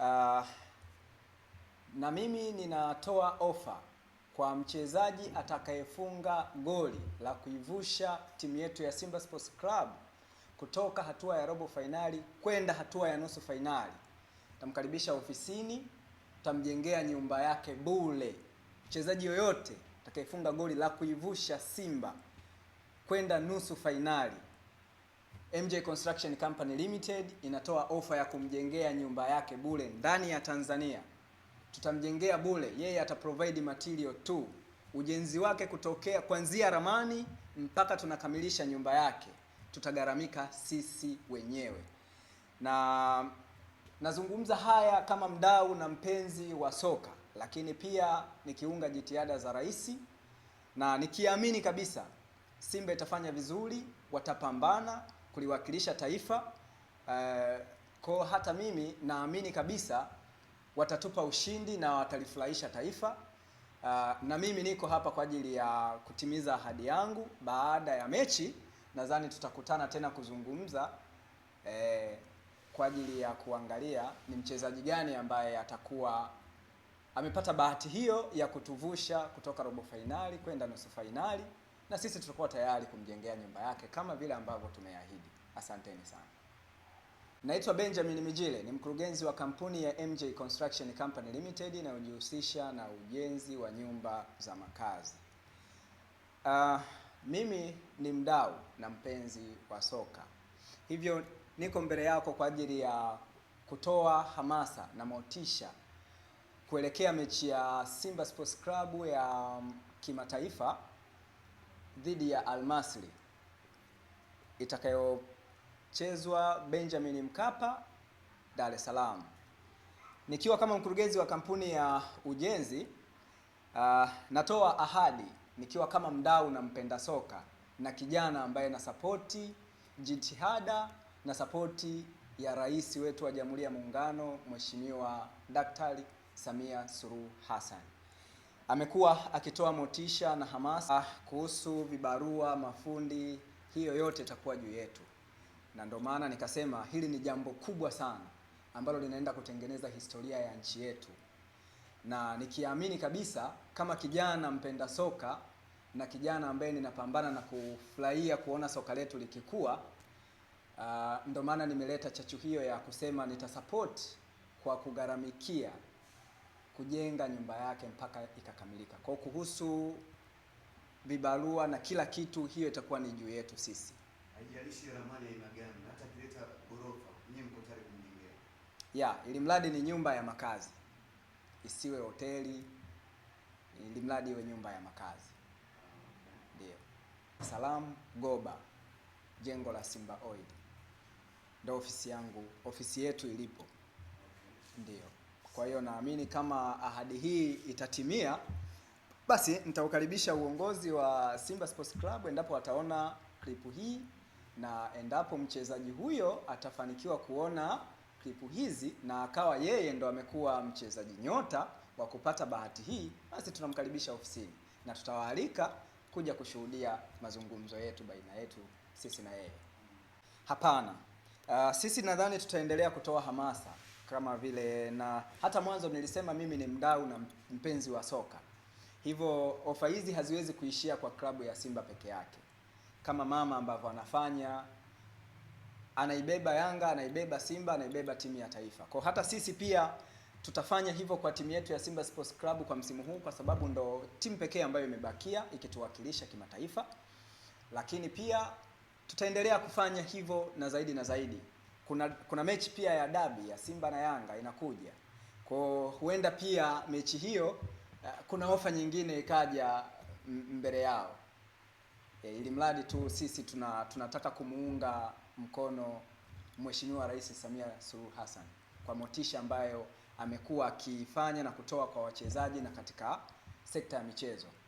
uh, na mimi ninatoa ofa kwa mchezaji atakayefunga goli la kuivusha timu yetu ya Simba Sports Club kutoka hatua ya robo fainali kwenda hatua ya nusu fainali. Tamkaribisha ofisini, tamjengea nyumba yake bule. Mchezaji yoyote atakayefunga goli la kuivusha Simba kwenda nusu fainali MJ Construction Company Limited inatoa ofa ya kumjengea nyumba yake bure ndani ya Tanzania. Tutamjengea bure, yeye ataprovide material tu. Ujenzi wake kutokea kuanzia ramani mpaka tunakamilisha nyumba yake tutagharamika sisi wenyewe. Na nazungumza haya kama mdau na mpenzi wa soka, lakini pia nikiunga jitihada za rais na nikiamini kabisa Simba itafanya vizuri, watapambana kuliwakilisha taifa uh, kwa hata mimi naamini kabisa watatupa ushindi na watalifurahisha taifa. Uh, na mimi niko hapa kwa ajili ya kutimiza ahadi yangu. Baada ya mechi nadhani tutakutana tena kuzungumza eh, kwa ajili ya kuangalia ni mchezaji gani ambaye atakuwa amepata bahati hiyo ya kutuvusha kutoka robo fainali kwenda nusu fainali na sisi tutakuwa tayari kumjengea nyumba yake kama vile ambavyo tumeahidi. Asanteni sana. Naitwa Benjamin Mijile, ni mkurugenzi wa kampuni ya MJ Construction Company Limited inayojihusisha na ujenzi wa nyumba za makazi. Uh, mimi ni mdau na mpenzi wa soka, hivyo niko mbele yako kwa ajili ya kutoa hamasa na motisha kuelekea mechi ya Simba Sports Club ya kimataifa dhidi ya almasri itakayochezwa Benjamin Mkapa, Dar es Salaam. Nikiwa kama mkurugenzi wa kampuni ya ujenzi uh, natoa ahadi nikiwa kama mdau na mpenda soka na kijana ambaye nasapoti jitihada na sapoti ya rais wetu wa Jamhuri ya Muungano Mheshimiwa Daktari Samia Suluhu Hassan amekuwa akitoa motisha na hamasa kuhusu vibarua, mafundi, hiyo yote itakuwa juu yetu, na ndio maana nikasema hili ni jambo kubwa sana ambalo linaenda kutengeneza historia ya nchi yetu, na nikiamini kabisa kama kijana mpenda soka na kijana ambaye ninapambana na kufurahia kuona soka letu likikua. Uh, ndio maana nimeleta chachu hiyo ya kusema nitasupport kwa kugharamikia kujenga nyumba yake mpaka ikakamilika. Kwa kuhusu vibarua na kila kitu, hiyo itakuwa ni juu yetu sisi. Haijalishi ramani ya aina gani, hata kileta ghorofa, nyinyi mko tayari kumjengea. Yeah, ili mradi ni nyumba ya makazi, isiwe hoteli, ili mradi iwe nyumba ya makazi. Ndio. Salam Goba, jengo la Simba Oil, ndio ofisi yangu, ofisi yetu ilipo. Ndio. Kwa hiyo naamini kama ahadi hii itatimia, basi nitaukaribisha uongozi wa Simba Sports Club endapo wataona klipu hii na endapo mchezaji huyo atafanikiwa kuona klipu hizi na akawa yeye ndo amekuwa mchezaji nyota wa kupata bahati hii, basi tunamkaribisha ofisini na tutawaalika kuja kushuhudia mazungumzo yetu baina yetu sisi na yeye. Hapana. Uh, sisi nadhani tutaendelea kutoa hamasa kama vile na hata mwanzo nilisema mimi ni mdau na mpenzi wa soka, hivyo ofa hizi haziwezi kuishia kwa klabu ya Simba peke yake. Kama mama ambavyo anafanya, anaibeba Yanga, anaibeba Simba, anaibeba timu ya taifa. Kwa hata sisi pia tutafanya hivyo kwa timu yetu ya Simba Sports Club kwa msimu huu, kwa sababu ndo timu pekee ambayo imebakia ikituwakilisha kimataifa, lakini pia tutaendelea kufanya hivyo na zaidi na zaidi kuna kuna mechi pia ya dabi ya Simba na Yanga inakuja Kwa huenda pia mechi hiyo eh, kuna ofa nyingine ikaja mbele yao e, ili mradi tu sisi tuna, tunataka kumuunga mkono Mheshimiwa Rais Samia Suluhu Hassan kwa motisha ambayo amekuwa akiifanya na kutoa kwa wachezaji na katika sekta ya michezo.